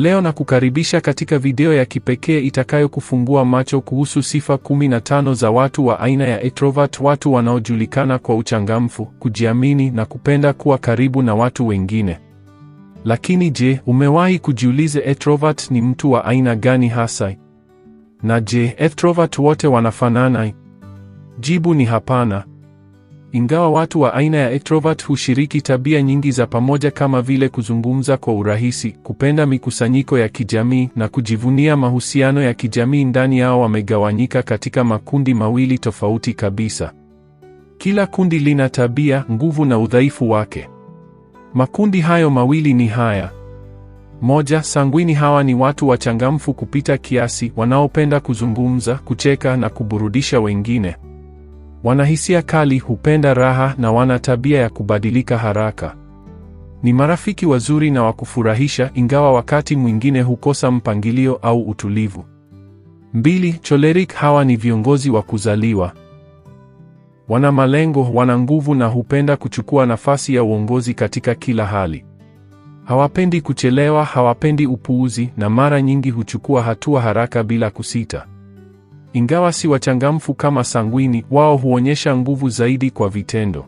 Leo na kukaribisha katika video ya kipekee itakayokufungua macho kuhusu sifa 15 za watu wa aina ya etrovat watu wanaojulikana kwa uchangamfu, kujiamini na kupenda kuwa karibu na watu wengine. Lakini je, umewahi kujiuliza etrovat ni mtu wa aina gani hasa? Na je, extrovert wote wanafanana? Jibu ni hapana. Ingawa watu wa aina ya extrovert hushiriki tabia nyingi za pamoja kama vile kuzungumza kwa urahisi, kupenda mikusanyiko ya kijamii na kujivunia mahusiano ya kijamii, ndani yao wamegawanyika katika makundi mawili tofauti kabisa. Kila kundi lina tabia, nguvu na udhaifu wake. Makundi hayo mawili ni haya: moja, sangwini. Hawa ni watu wachangamfu kupita kiasi, wanaopenda kuzungumza, kucheka na kuburudisha wengine. Wanahisia kali, hupenda raha na wana tabia ya kubadilika haraka. Ni marafiki wazuri na wakufurahisha, ingawa wakati mwingine hukosa mpangilio au utulivu. Mbili, choleric hawa ni viongozi wa kuzaliwa. Wana malengo, wana nguvu na hupenda kuchukua nafasi ya uongozi katika kila hali. Hawapendi kuchelewa, hawapendi upuuzi na mara nyingi huchukua hatua haraka bila kusita. Ingawa si wachangamfu kama sangwini, wao huonyesha nguvu zaidi kwa vitendo.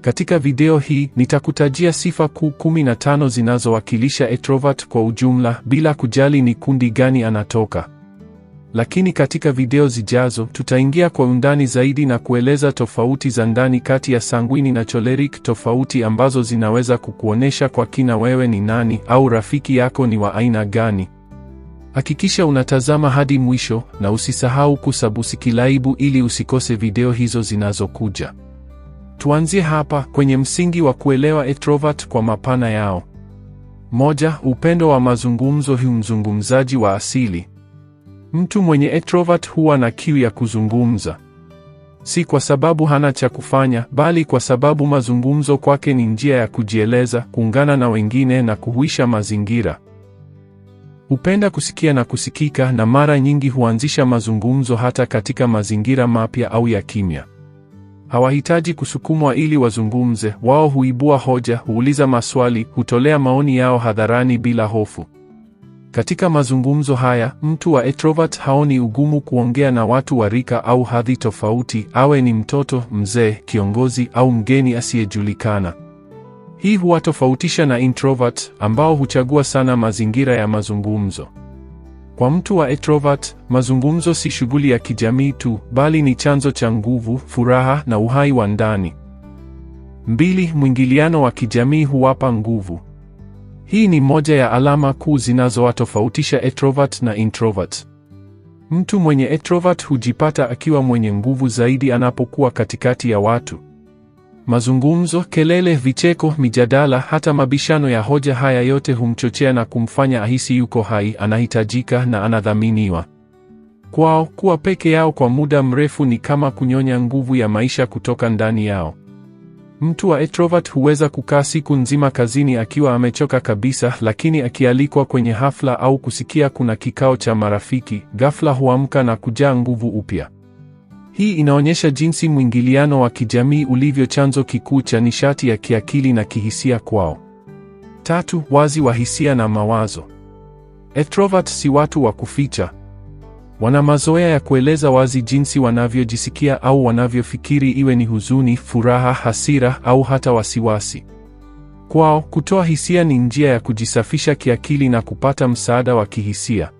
Katika video hii nitakutajia sifa kuu 15 zinazowakilisha introvert kwa ujumla bila kujali ni kundi gani anatoka. Lakini katika video zijazo tutaingia kwa undani zaidi na kueleza tofauti za ndani kati ya sanguini na choleric, tofauti ambazo zinaweza kukuonesha kwa kina wewe ni nani au rafiki yako ni wa aina gani. Hakikisha unatazama hadi mwisho na usisahau kusabusikilaibu ili usikose video hizo zinazokuja. Tuanzie hapa kwenye msingi wa kuelewa introvert kwa mapana yao. Moja, upendo wa mazungumzo. Hu mzungumzaji wa asili. Mtu mwenye introvert huwa na kiu ya kuzungumza, si kwa sababu hana cha kufanya, bali kwa sababu mazungumzo kwake ni njia ya kujieleza, kuungana na wengine na kuhuisha mazingira hupenda kusikia na kusikika na mara nyingi huanzisha mazungumzo hata katika mazingira mapya au ya kimya. Hawahitaji kusukumwa ili wazungumze, wao huibua hoja, huuliza maswali, hutolea maoni yao hadharani bila hofu. Katika mazungumzo haya, mtu wa introvert haoni ugumu kuongea na watu wa rika au hadhi tofauti, awe ni mtoto, mzee, kiongozi au mgeni asiyejulikana. Hii huwatofautisha na introvert ambao huchagua sana mazingira ya mazungumzo. Kwa mtu wa introvert, mazungumzo si shughuli ya kijamii tu, bali ni chanzo cha nguvu, furaha na uhai wa ndani. Mbili, mwingiliano wa kijamii huwapa nguvu. Hii ni moja ya alama kuu zinazowatofautisha introvert na introvert. Mtu mwenye introvert hujipata akiwa mwenye nguvu zaidi anapokuwa katikati ya watu mazungumzo, kelele, vicheko, mijadala, hata mabishano ya hoja, haya yote humchochea na kumfanya ahisi yuko hai, anahitajika na anadhaminiwa Kwao kuwa peke yao kwa muda mrefu ni kama kunyonya nguvu ya maisha kutoka ndani yao. Mtu wa introvert huweza kukaa siku nzima kazini akiwa amechoka kabisa, lakini akialikwa kwenye hafla au kusikia kuna kikao cha marafiki, ghafla huamka na kujaa nguvu upya. Hii inaonyesha jinsi mwingiliano wa kijamii ulivyo chanzo kikuu cha nishati ya kiakili na kihisia kwao. Tatu, wazi wa hisia na mawazo. Extrovert si watu wa kuficha. Wana mazoea ya kueleza wazi jinsi wanavyojisikia au wanavyofikiri, iwe ni huzuni, furaha, hasira au hata wasiwasi. Kwao, kutoa hisia ni njia ya kujisafisha kiakili na kupata msaada wa kihisia.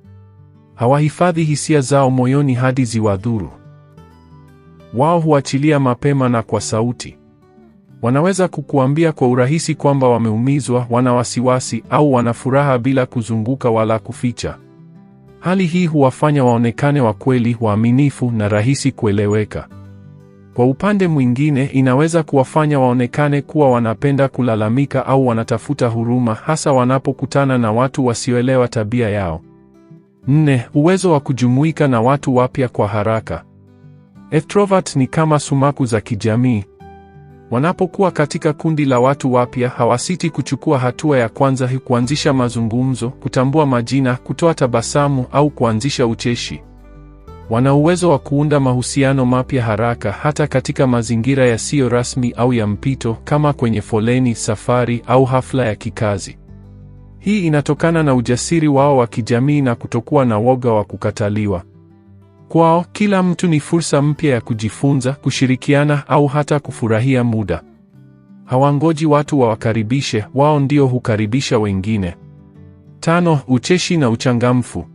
Hawahifadhi hisia zao moyoni hadi ziwadhuru wao huachilia mapema na kwa sauti. Wanaweza kukuambia kwa urahisi kwamba wameumizwa, wana wasiwasi au wana furaha bila kuzunguka wala kuficha. Hali hii huwafanya waonekane wa kweli, waaminifu na rahisi kueleweka. Kwa upande mwingine, inaweza kuwafanya waonekane kuwa wanapenda kulalamika au wanatafuta huruma, hasa wanapokutana na watu wasioelewa tabia yao. Nne, uwezo wa kujumuika na watu wapya kwa haraka. Extrovert ni kama sumaku za kijamii. Wanapokuwa katika kundi la watu wapya, hawasiti kuchukua hatua ya kwanza, kuanzisha mazungumzo, kutambua majina, kutoa tabasamu au kuanzisha ucheshi. Wana uwezo wa kuunda mahusiano mapya haraka, hata katika mazingira yasiyo rasmi au ya mpito, kama kwenye foleni, safari au hafla ya kikazi. Hii inatokana na ujasiri wao wa kijamii na kutokuwa na woga wa kukataliwa. Kwao kila mtu ni fursa mpya ya kujifunza, kushirikiana au hata kufurahia muda. Hawangoji watu wawakaribishe, wao ndio hukaribisha wengine. Tano, ucheshi na uchangamfu.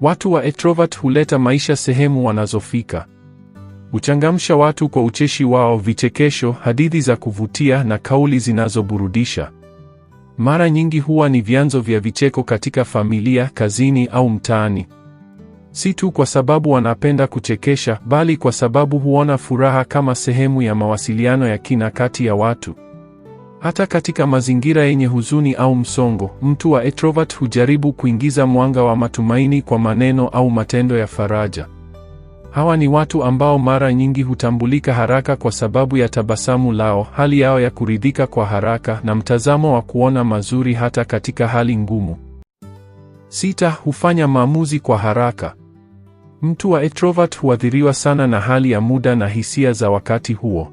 Watu wa extrovert huleta maisha sehemu wanazofika. Huchangamsha watu kwa ucheshi wao, vichekesho, hadithi za kuvutia na kauli zinazoburudisha. Mara nyingi huwa ni vyanzo vya vicheko katika familia, kazini au mtaani si tu kwa sababu wanapenda kuchekesha, bali kwa sababu huona furaha kama sehemu ya mawasiliano ya kina kati ya watu. Hata katika mazingira yenye huzuni au msongo, mtu wa introvert hujaribu kuingiza mwanga wa matumaini kwa maneno au matendo ya faraja. Hawa ni watu ambao mara nyingi hutambulika haraka kwa sababu ya tabasamu lao, hali yao ya kuridhika kwa haraka na mtazamo wa kuona mazuri hata katika hali ngumu. Sita, hufanya maamuzi kwa haraka. Mtu wa introvert huathiriwa sana na hali ya muda na hisia za wakati huo.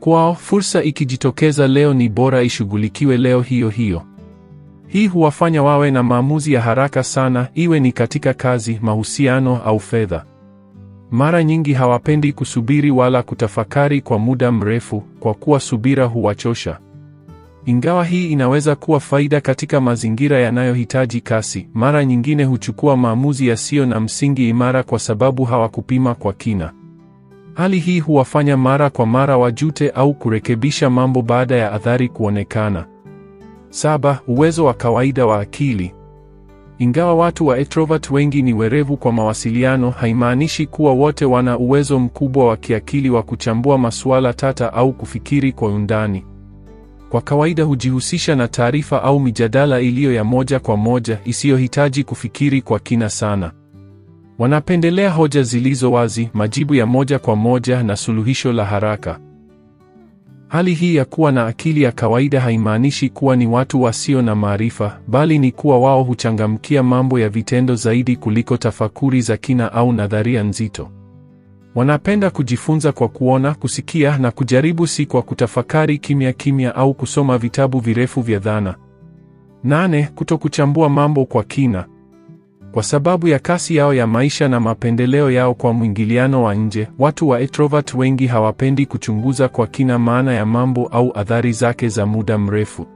Kwao, fursa ikijitokeza leo ni bora ishughulikiwe leo hiyo hiyo. Hii huwafanya wawe na maamuzi ya haraka sana, iwe ni katika kazi, mahusiano au fedha. Mara nyingi hawapendi kusubiri wala kutafakari kwa muda mrefu, kwa kuwa subira huwachosha. Ingawa hii inaweza kuwa faida katika mazingira yanayohitaji kasi, mara nyingine huchukua maamuzi yasiyo na msingi imara kwa sababu hawakupima kwa kina. Hali hii huwafanya mara kwa mara wajute au kurekebisha mambo baada ya athari kuonekana. Saba, uwezo wa kawaida wa akili. Ingawa watu wa introvert wengi ni werevu kwa mawasiliano, haimaanishi kuwa wote wana uwezo mkubwa wa kiakili wa kuchambua masuala tata au kufikiri kwa undani kwa kawaida hujihusisha na taarifa au mijadala iliyo ya moja kwa moja isiyohitaji kufikiri kwa kina sana. Wanapendelea hoja zilizo wazi, majibu ya moja kwa moja na suluhisho la haraka. Hali hii ya kuwa na akili ya kawaida haimaanishi kuwa ni watu wasio na maarifa, bali ni kuwa wao huchangamkia mambo ya vitendo zaidi kuliko tafakuri za kina au nadharia nzito. Wanapenda kujifunza kwa kuona, kusikia na kujaribu, si kwa kutafakari kimya kimya au kusoma vitabu virefu vya dhana. Nane, kutokuchambua mambo kwa kina. Kwa sababu ya kasi yao ya maisha na mapendeleo yao kwa mwingiliano wa nje, watu wa introvert wengi hawapendi kuchunguza kwa kina maana ya mambo au athari zake za muda mrefu.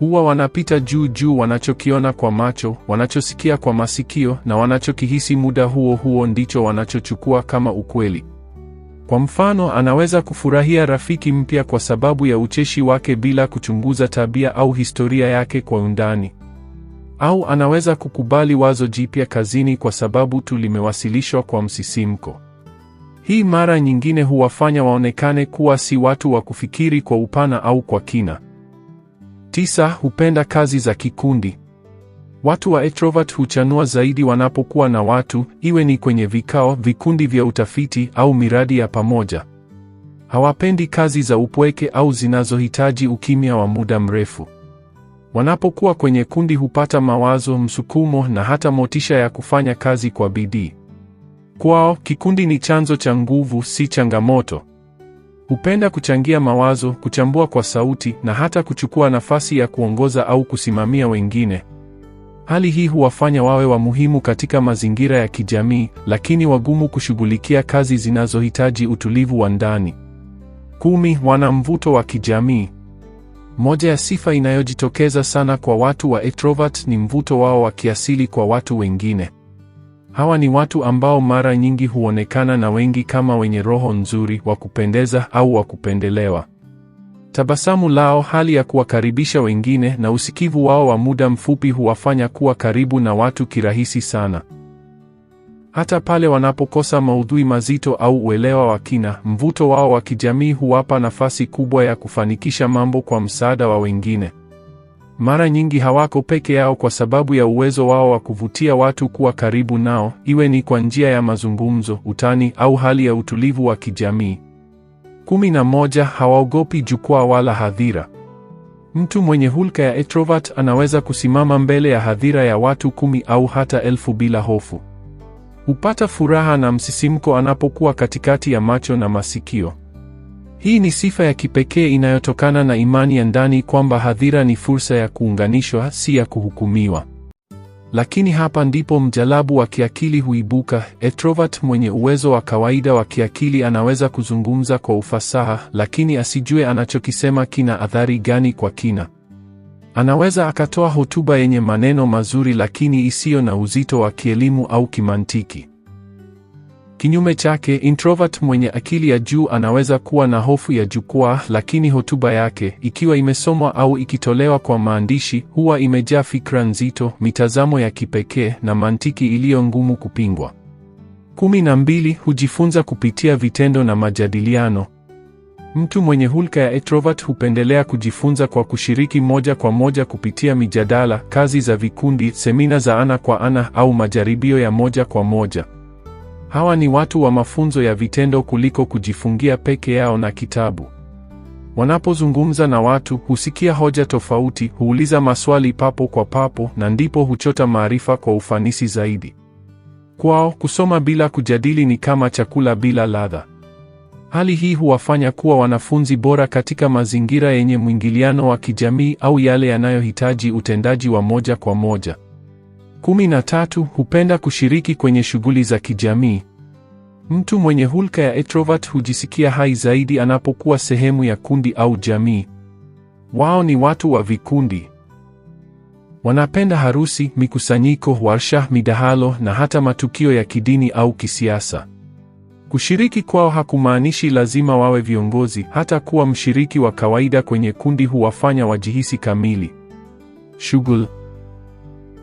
Huwa wanapita juu juu wanachokiona kwa macho, wanachosikia kwa masikio na wanachokihisi muda huo huo ndicho wanachochukua kama ukweli. Kwa mfano, anaweza kufurahia rafiki mpya kwa sababu ya ucheshi wake bila kuchunguza tabia au historia yake kwa undani. Au anaweza kukubali wazo jipya kazini kwa sababu tu limewasilishwa kwa msisimko. Hii mara nyingine huwafanya waonekane kuwa si watu wa kufikiri kwa upana au kwa kina. Tisa, hupenda kazi za kikundi. Watu wa extrovert huchanua zaidi wanapokuwa na watu, iwe ni kwenye vikao, vikundi vya utafiti au miradi ya pamoja. Hawapendi kazi za upweke au zinazohitaji ukimya wa muda mrefu. Wanapokuwa kwenye kundi hupata mawazo, msukumo na hata motisha ya kufanya kazi kwa bidii. Kwao, kikundi ni chanzo cha nguvu, si changamoto. Hupenda kuchangia mawazo, kuchambua kwa sauti na hata kuchukua nafasi ya kuongoza au kusimamia wengine. Hali hii huwafanya wawe wa muhimu katika mazingira ya kijamii, lakini wagumu kushughulikia kazi zinazohitaji utulivu wa ndani. Kumi, wana mvuto wa kijamii. Moja ya sifa inayojitokeza sana kwa watu wa extrovert ni mvuto wao wa kiasili kwa watu wengine. Hawa ni watu ambao mara nyingi huonekana na wengi kama wenye roho nzuri, wa kupendeza au wa kupendelewa. Tabasamu lao, hali ya kuwakaribisha wengine, na usikivu wao wa muda mfupi huwafanya kuwa karibu na watu kirahisi sana. Hata pale wanapokosa maudhui mazito au uelewa wa kina, mvuto wao wa kijamii huwapa nafasi kubwa ya kufanikisha mambo kwa msaada wa wengine mara nyingi hawako peke yao kwa sababu ya uwezo wao wa kuvutia watu kuwa karibu nao, iwe ni kwa njia ya mazungumzo, utani au hali ya utulivu wa kijamii. Kumi na moja, hawaogopi jukwaa wala hadhira. Mtu mwenye hulka ya etrovat anaweza kusimama mbele ya hadhira ya watu kumi au hata elfu bila hofu. Hupata furaha na msisimko anapokuwa katikati ya macho na masikio. Hii ni sifa ya kipekee inayotokana na imani ya ndani kwamba hadhira ni fursa ya kuunganishwa, si ya kuhukumiwa. Lakini hapa ndipo mjalabu wa kiakili huibuka. etrovat mwenye uwezo wa kawaida wa kiakili anaweza kuzungumza kwa ufasaha, lakini asijue anachokisema kina athari gani kwa kina. Anaweza akatoa hotuba yenye maneno mazuri, lakini isiyo na uzito wa kielimu au kimantiki. Kinyume chake, introvert mwenye akili ya juu anaweza kuwa na hofu ya jukwaa, lakini hotuba yake, ikiwa imesomwa au ikitolewa kwa maandishi, huwa imejaa fikra nzito, mitazamo ya kipekee na mantiki iliyo ngumu kupingwa. Kumi na mbili, hujifunza kupitia vitendo na majadiliano. Mtu mwenye hulka ya introvert hupendelea kujifunza kwa kushiriki moja kwa moja kupitia mijadala, kazi za vikundi, semina za ana kwa ana au majaribio ya moja kwa moja. Hawa ni watu wa mafunzo ya vitendo kuliko kujifungia peke yao na kitabu. Wanapozungumza na watu, husikia hoja tofauti, huuliza maswali papo kwa papo na ndipo huchota maarifa kwa ufanisi zaidi. Kwao, kusoma bila kujadili ni kama chakula bila ladha. Hali hii huwafanya kuwa wanafunzi bora katika mazingira yenye mwingiliano wa kijamii au yale yanayohitaji utendaji wa moja kwa moja. Kumi na tatu, hupenda kushiriki kwenye shughuli za kijamii. Mtu mwenye hulka ya introvert hujisikia hai zaidi anapokuwa sehemu ya kundi au jamii. Wao ni watu wa vikundi. Wanapenda harusi, mikusanyiko, warsha, midahalo na hata matukio ya kidini au kisiasa. Kushiriki kwao hakumaanishi lazima wawe viongozi, hata kuwa mshiriki wa kawaida kwenye kundi huwafanya wajihisi kamili. Shughuli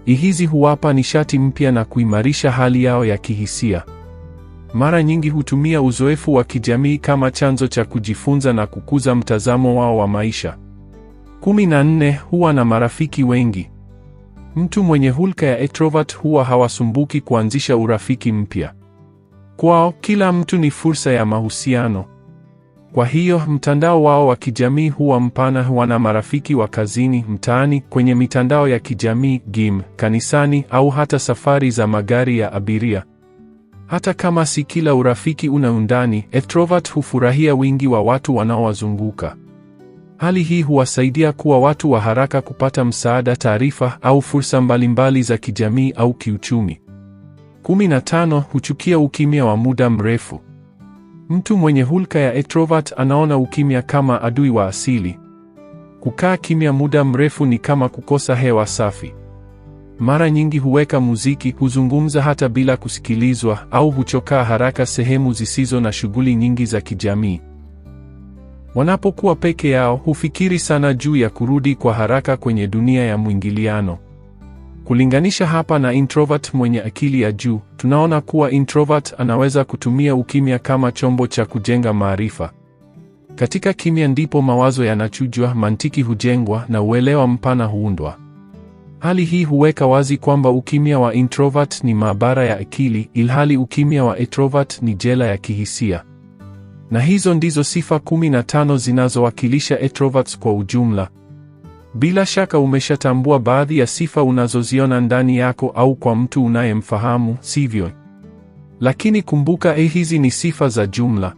Ihizi huwapa nishati mpya na kuimarisha hali yao ya kihisia. Mara nyingi hutumia uzoefu wa kijamii kama chanzo cha kujifunza na kukuza mtazamo wao wa maisha. 14. Huwa na marafiki wengi. Mtu mwenye hulka ya extrovert huwa hawasumbuki kuanzisha urafiki mpya. Kwao, kila mtu ni fursa ya mahusiano. Kwa hiyo mtandao wao wa kijamii huwa mpana. Wana marafiki wa kazini, mtaani, kwenye mitandao ya kijamii, gym, kanisani, au hata safari za magari ya abiria. Hata kama si kila urafiki una undani, extrovert hufurahia wingi wa watu wanaowazunguka. Hali hii huwasaidia kuwa watu wa haraka kupata msaada, taarifa au fursa mbalimbali za kijamii au kiuchumi. 15. Huchukia ukimya wa muda mrefu. Mtu mwenye hulka ya extrovert anaona ukimya kama adui wa asili. Kukaa kimya muda mrefu ni kama kukosa hewa safi. Mara nyingi huweka muziki, huzungumza hata bila kusikilizwa, au huchokaa haraka sehemu zisizo na shughuli nyingi za kijamii. Wanapokuwa peke yao, hufikiri sana juu ya kurudi kwa haraka kwenye dunia ya mwingiliano. Kulinganisha hapa na introvert mwenye akili ya juu, tunaona kuwa introvert anaweza kutumia ukimya kama chombo cha kujenga maarifa. Katika kimya ndipo mawazo yanachujwa, mantiki hujengwa na uelewa mpana huundwa. Hali hii huweka wazi kwamba ukimya wa introvert ni maabara ya akili, ilhali ukimya wa extrovert ni jela ya kihisia. Na hizo ndizo sifa 15 zinazowakilisha extroverts kwa ujumla. Bila shaka umeshatambua baadhi ya sifa unazoziona ndani yako au kwa mtu unayemfahamu, sivyo? Lakini kumbuka, eh, hizi ni sifa za jumla.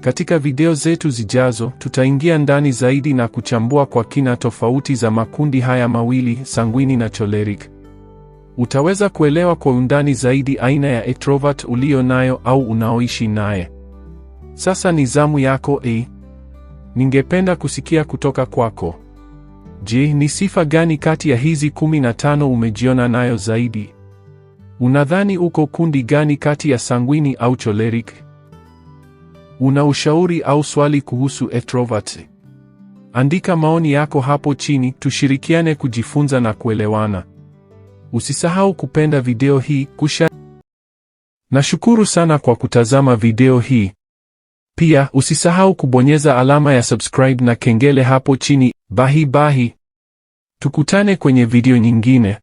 Katika video zetu zijazo, tutaingia ndani zaidi na kuchambua kwa kina tofauti za makundi haya mawili, sanguini na choleric. Utaweza kuelewa kwa undani zaidi aina ya extrovert uliyo nayo au unaoishi naye. Sasa ni zamu yako, eh. Ningependa kusikia kutoka kwako. Je, ni sifa gani kati ya hizi kumi na tano umejiona nayo zaidi? Unadhani uko kundi gani kati ya sanguini au choleric? Una ushauri au swali kuhusu extrovert? Andika maoni yako hapo chini, tushirikiane kujifunza na kuelewana. Usisahau kupenda video hii, kusha. Nashukuru sana kwa kutazama video hii. Pia usisahau kubonyeza alama ya subscribe na kengele hapo chini. Bahi bahi, tukutane kwenye video nyingine.